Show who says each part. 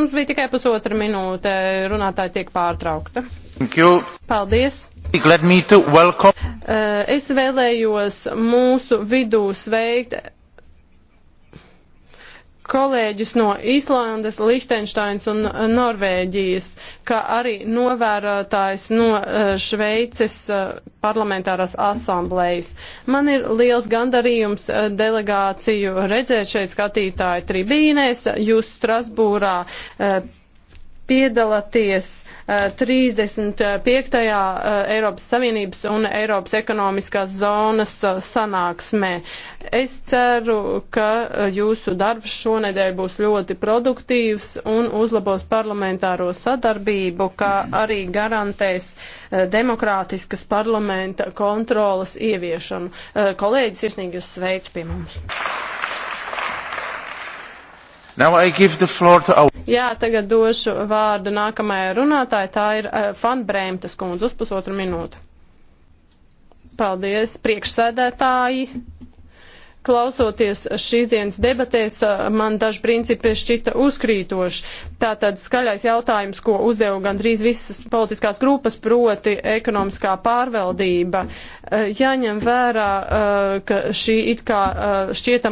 Speaker 1: Jums bija tikai pusotra minūte, runātāji tiek pārtraukta. Paldies!
Speaker 2: Uh,
Speaker 1: es vēlējos mūsu vidū sveikt kolēģus no Īslandes, Lihtenšteins un uh, Norvēģijas, kā arī novērotājs no uh, Šveices uh, parlamentārās asamblējas. Man ir liels gandarījums delegāciju redzēt šeit skatītāju tribīnēs. Jūs Strasbūrā piedalāties uh, 35. Uh, Eiropas Savienības un Eiropas ekonomiskās zonas uh, sanāksmē. Es ceru, ka uh, jūsu darbs šonedēļ būs ļoti produktīvs un uzlabos parlamentāro sadarbību, kā arī garantēs uh, demokrātiskas parlamenta kontrolas ieviešanu. Uh, kolēģis, sirsnīgi jūs sveicu pie
Speaker 3: mums. Now I give the floor to our
Speaker 1: Jā, tagad došu vārdu nākamajai runātāji. Tā ir uh, eh, Fanbrēmtas kundze uz pusotru minūtu. Paldies, priekšsēdētāji. Klausoties šīs dienas debatēs, eh, man daži principi šķita uzkrītoši. Tātad skaļais jautājums, ko uzdeva gandrīz visas politiskās grupas, proti ekonomiskā pārvaldība, eh, jāņem vērā, ka šī it kā šķietama